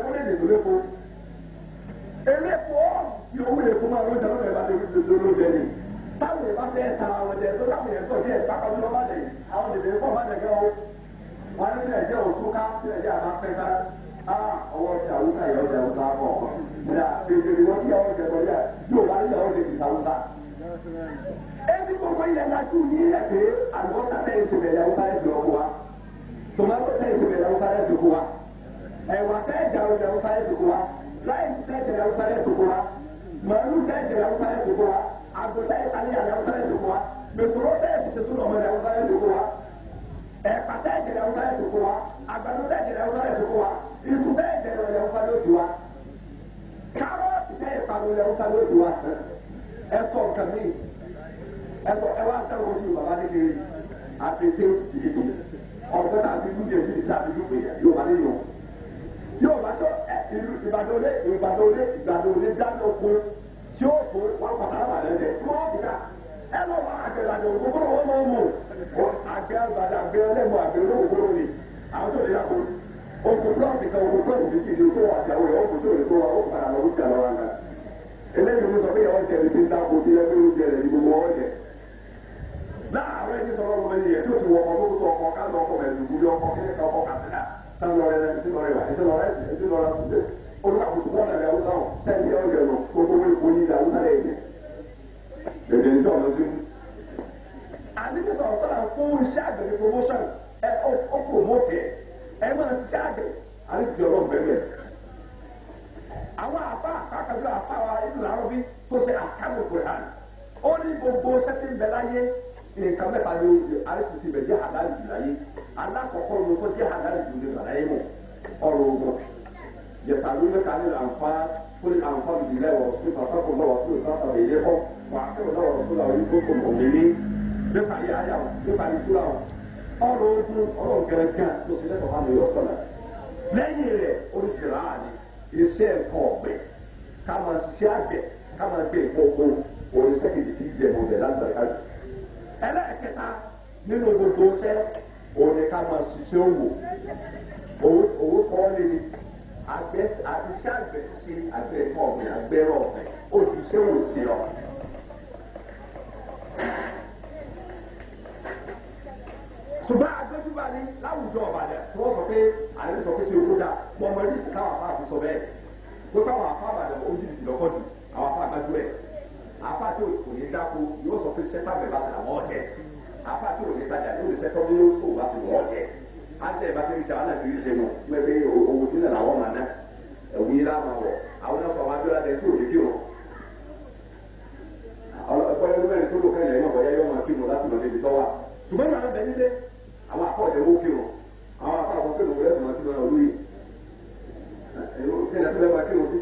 orílẹ̀-èdè tó lépo elépo tí owó èkó máa ló jẹ lọ́dọ̀ ìbá tó ló ló jẹ ni táwọn ìbá fẹ́ ta àwọn jẹ tó táwọn yẹn tọ̀ sí ẹ̀ka kan ló má lè àwọn tètè kọ́ má lè kẹ́ o wọn ní nàìjíríà òtún ká nàìjíríà máa fẹ́ ká á ọwọ́ ti àwùsá ìyá ọjà àwùsá kọ̀ ọ̀dà bèbèrè wọn kí àwọn ìjẹ kọ̀ yà yóò bá yà ọ̀dẹ̀ ti sàwùsá. ebi gbogbo ilẹ̀ lajú ní ilẹ̀ pé àlùbọ́sà tẹ̀ ìṣẹ̀lẹ̀ yàwùsá ẹ̀ wakae dawo dawo fare tukura lai kai da dawo fare tukura maru kai da dawo fare tukura agotai ali da dawo fare tukura mesoro kai da su no dawo fare tukura e patai da dawo fare tukura agbado kai da dawo fare tukura isu kai da dawo fare tukura karo kai da dawo fare tukura eso kami eso e wa ta wo ju baba ni ni a ti ti ọgbọ́n àti dúdú èyí ti sáà ti dúdú yẹn yóò bá tó ìlú ìbàdàn lé ìbàdàn lé ìbàdàn lé dáná oko tí ó fún wọn pàtàkì àbàlẹ̀ lé tí wọ́n fìlà ẹ lọ wọ àgbẹ̀ ìbàdàn òkúkú wọn máa mú àgbẹ̀ ìbàdàn àgbẹ̀ ọlẹ́mú àgbẹ̀ olókùnkùn ni àwọn tó lè yá kó oko blọọkì kan oko blọọkì méjì ni oko wà jáwé ọkùn tó lè tó wa ó padà lọ wíjà lọ wọn kan eléyìí mo sọ pé ìyàwó jẹrìí ti ń dáko tí ẹgbẹ́ oúnjẹ rẹ̀ ní gbogbo ọ̀jẹ̀ láàárọ̀ ẹni sọ̀rọ̀ ọmọ ẹni yẹn tó ti wọ ọkọ̀ tó tó àwọn àfa àkàkàdúrà àfa wa ìlú làárọ̀ bí tó ṣe àkàlù kùrán ó ní gbogbo sẹ́tì ń bẹ láyé nǹkan mẹ́ta ni rcc bẹ̀ jẹ́ àdáyé jù láyé alákọ̀ọ́kọ́ ni kò jẹ́ àdáyé jù lè bàláyé mọ̀ ọ̀rọ̀ ogun yẹ̀sà ló ń ká ní àǹfà fún àǹfà bìbí lẹ́wọ̀ fún ìfàsọ́kùn lọ́wọ́ fún ìfàsọ́kùn èyí kọ́ wà á kẹ́wọ̀ lọ́wọ́ fún làwọn yìí tó kò mọ̀ mímí nípa yìí àyà wọn nípa yìí túra wọn ọ̀rọ̀ ogun ọ̀rọ̀ gẹ̀rẹ́gàn tó ti lẹ́tọ̀ọ́ àmì yọ sọ̀nà lẹ́yìn ẹlẹ́ẹ̀kẹta nínú gbogbo sẹ́ òun ni ká máa ṣiṣẹ́ òwò owó kọ́ lé ni àgbẹ̀ àti iṣẹ́ àgbẹ̀ ṣiṣẹ́ àgbẹ̀ kan ọ̀gbìn àgbẹ̀rọ̀ ọ̀fẹ́ òjì òwò gbọ́ wa ṣùgbọ́n ìgbà náà bẹ nílé àwọn afọ ìdẹ̀wò kí o àwọn afọ àwọn kí o wọlé ẹ̀sùn àti ìmọ̀ràn olóye ẹ̀rọ kí ni àtúbẹ̀ máa kí o sí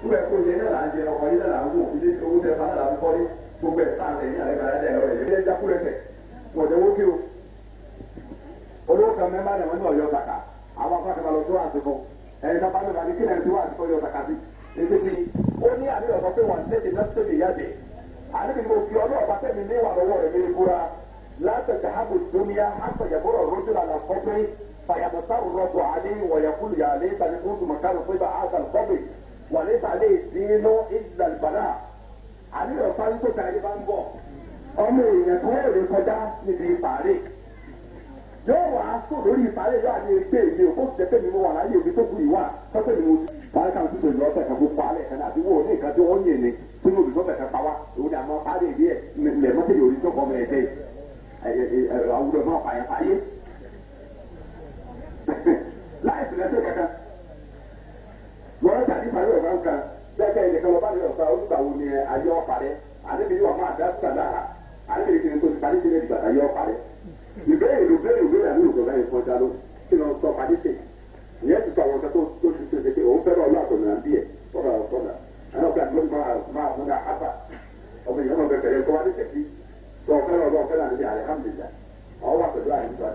fún ẹ̀kọ́ ìjẹ náà là ń jẹ ọkọ̀ yìí náà là ń wò ilé owó tẹ fún àlàbí kọ́lé gbogbo ẹ̀ sáà tẹ̀yìn àlẹ́ kàrá dẹ̀ ọ̀rẹ́ yẹn ẹja kúrẹ́ tẹ̀ wọ̀ ẹ̀dẹ̀wò kí o olówó kan mẹ́mbà náà wọ́n ní ọ̀yọ́ kàkà àwọn afọ àtàkà lọ tó àsìkò ẹ̀yìn tá bá lọ kàdí kí náà tó àsìkò yọ kàkà sí ètò ti لا تذهب الدنيا حتى يمر الرجل على قبره فيتطرق عليه ويقول يا ليتني كنت مكان طيب هذا القبر وليس عليه الدين الا البلاء عليه ọ̀sán tó tàbí bá ń bọ̀ ọmọ èèyàn tó wọ́n lè kọjá níbi ìpàdé yóò wá sọ lórí ìpàdé yóò àti ẹgbẹ́ mi ò kó sì jẹ́ pé mi mo wà láyé mi tó kù ìwà tọ́pẹ́ mi mo ti. wàá kàn tún lè lọ́ọ́ tẹ̀ka gbogbo alẹ́ kan àti wò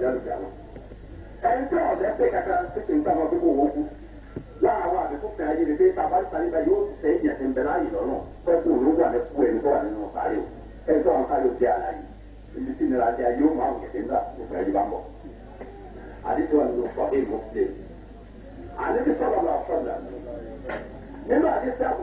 àjọ àlùjá wọn. ẹni tí ọ̀dẹ́ pé kàkà títí nípa ọmọ gbogbo owó kú láàárọ̀ àdìkú kan ayé ni pé bàbá ìsàlẹ̀ yóò tẹ ẹ̀yìn ẹ̀sìn bẹ̀rẹ̀ ààyè lọ́nà pẹ́kù olówó àlẹ́ kú ẹni tó wà nínú ọ̀sáré o ẹni tó àwọn sáré o jẹ́ àlàyé ibi tí nira jẹ́ ayé ó máa ń gẹ̀dẹ̀ ńlá gbogbo ẹni bá ń bọ̀. àdìsí wa nínú sọ èèmọ̀ sílẹ̀ àdìsí sọ̀rọ̀ lọ sọ̀rọ̀ nínú àdìsí àbù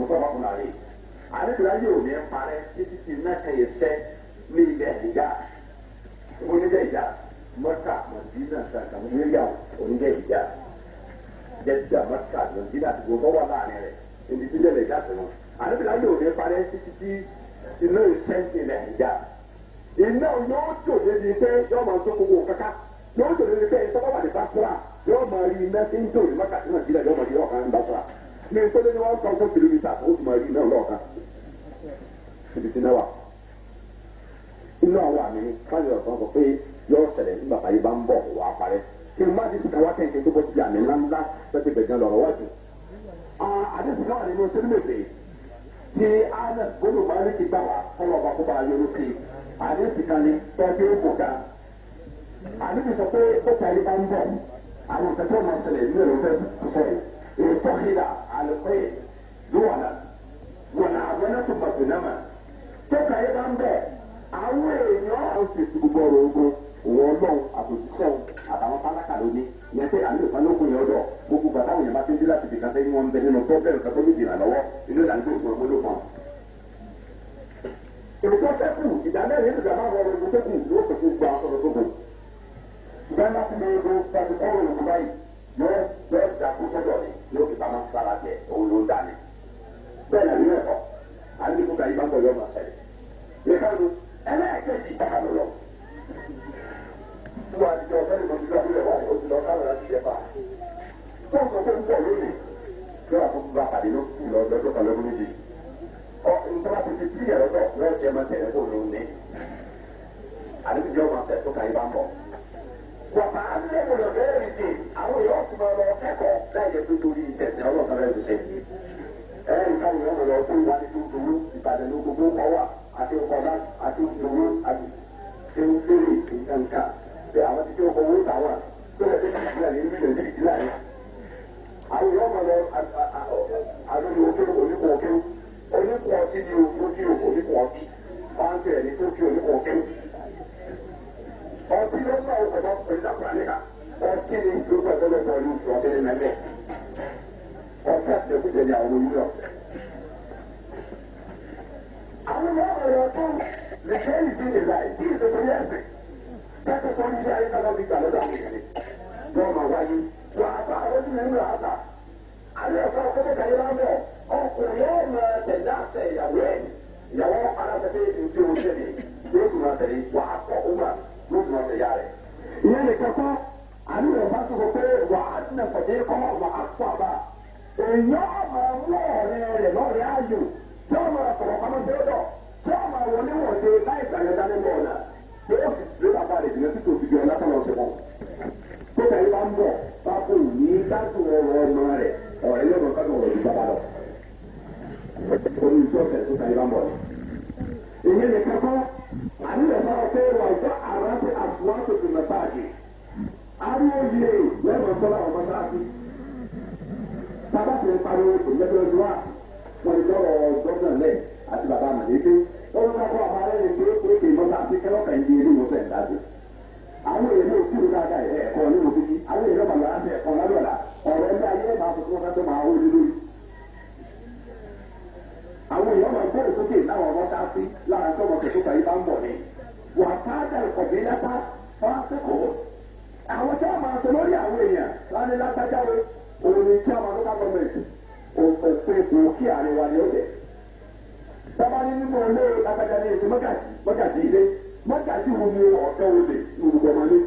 mutafakun alayhi anabi ayé òní ń parẹ́ títí tí náà yẹ sẹ́ ní ilẹ̀ ìjà onídẹ̀ ìjà mọ́tà mọ̀dínà sàkàmù yẹ́yà onídẹ̀ ìjà jẹ́jà mọ́tà mọ̀dínà àti gbogbo wà láàrin rẹ̀ èmi ti lẹ̀ ìjà sọ̀rọ̀ anabi ayé òní ń parẹ́ títí tí iná yẹ sẹ́ ní ilẹ̀ ìjà iná yóò tó débi pé yóò máa tó gbogbo kaka yóò tó débi pé ìtọ́kọ̀ wà ní bàtúrà yóò máa rí iná tí ń ní ìpele ní one thousand kilometres ó sì máa rí iná lọ́ọ̀ká ibi tí náà wà inú àwọn àmì káyọ̀ kan sọ pé yóò ṣẹlẹ̀ nígbà tá yìí bá ń bọ̀ wà á parẹ́ kí n má ti sùn káwá kẹ́kẹ́ tó bọ́ síbi àmì ńlá ńlá lọ́sẹ̀ gbẹ̀gán lọ́rọ̀ wájú. àdéhùn náà nínú sẹ́lẹ̀mẹ̀fẹ̀ tí ana gbọ́dọ̀ bá ní ti gbà wá fọlọ́ ọba kó bá a yọrù sí àdéhùn kan ní tọ́jú èkó ga. àdéhùn sọ pé ó ta yìí bá ń bọ̀ àwọn ìtẹ́tọ́ máa ṣẹlẹ̀ nílẹ̀ lọ́fẹ́ sọ̀rọ̀ ètò hílà alkhair lọ́wọ́lá wọ̀nà àwọnẹ́tò bàtúnámà tó kàyé bá ń bẹ̀ àwọn èèyàn àwọn fèsì gbogbo ọ̀rọ̀ ogun òwò ọlọ́run àtòjíṣẹ́ àtàwọn pálákà lóní yẹn pé àmì ìpalókun yẹn ọdọ gbogbo bàtà òyìnbá bá ti ń dé láti dìkan sẹ́yìn wọn ń bẹ nínú pọ́bẹ́rù kan tó ní ìdìnnà lọ́wọ́ inú ìlànà tó ìṣòro mọ́lò kan. ètò sẹ́kù ìdámẹ́rin ìgbà máa wọ ọ̀rọ̀ ìgbésẹ̀kù ló pèsè gbà ọ̀rọ̀ gbogbo. ìgbà máa ti lè ro pàṣípààrọ̀ ìgbà báyìí òun tó fi òun kò kéwù. ọtí ló sọ ọ̀pọ̀ pẹ̀lú àkùrà níkà ọtí ni ló sọ ọ̀pọ̀lọpọ̀ ọdún sọ ọtí ní mẹ́lẹ̀ ọtí àti ẹ̀kújẹ ni àwọn olùyọ. àwọn ọmọ ọ̀rọ̀ tó lè ṣe ìdí ìlà ìdí ìdókòwò ẹ̀sìn kẹ́kọ̀ọ́ tó ń jẹ́ ayé kábọ̀ bí gbàlódà wọ́n máa wáyé wọ́n á bá àwọn tó ń lò á bá alẹ́ ọ̀gá ọ̀gá kẹta yẹn máa ń bọ̀ ọkùnrin yóò máa tẹ̀lé àṣẹ ìyàwó ẹ̀ ìyàwó aláṣẹ pé ètò ìṣẹ̀lẹ̀ yóò tún ma tẹ̀lé wà á kọ ó wà yóò tún ma tẹ̀lé yára rẹ̀. ìyẹn nìkan kọ́ àní rẹ̀ bá tó kọ pé wà á nà fọ̀dé kọ́ wà á kọ́ àbá. èèyàn àmà mú ọ̀rẹ́ rẹ̀ lọ́rẹ́ ayò tí wọ́n máa sọ̀rọ̀ pamọ́ dọ́dọ̀ tí wọ́n máa wọlé wọ̀de láì sàyẹ̀ dání bọ̀ ọ̀nà pé ó sì lé bàbá rẹ̀ jìnnà títò òbí jọ lásán lọ́sẹ̀ mọ́. tó tẹ̀lé bá ń bọ̀ bá kò ní dájú ọ̀rọ̀ ọmọ rẹ̀ ọ̀rẹ́ yóò mọ̀ kájọ̀ ọ̀rọ̀ ìjọba lọ. orí ìjọ anyị na-eme ọkwa arati asụmatụ dị na paaki arị oyi eyi wee nọkọrọ ọmata aki tabasiri pariwo ìgbẹ́jọ́ ìjọba wọn ìjọba ọ̀gbọ́n náà lẹ̀ àti bàbá àmàlẹ́gbẹ́ wọn lọ́kọ̀ gbàgbé lápá wọn á kẹ́kọ̀ọ́ àwọn tí a máa sọ lórí àwọn èèyàn wọn ni lágbájáwe òun ni tí a máa lọ́ka gọ́ọ̀mẹ̀ntì òpè òkè àríwá ni ó jẹ. sábà ní nínú ilé agbájá ní èsì mọ́gàjì mọ́gàjì ilé mọ́gàjì wo ni ọ̀tọ̀ olè lórúkọ máa ní.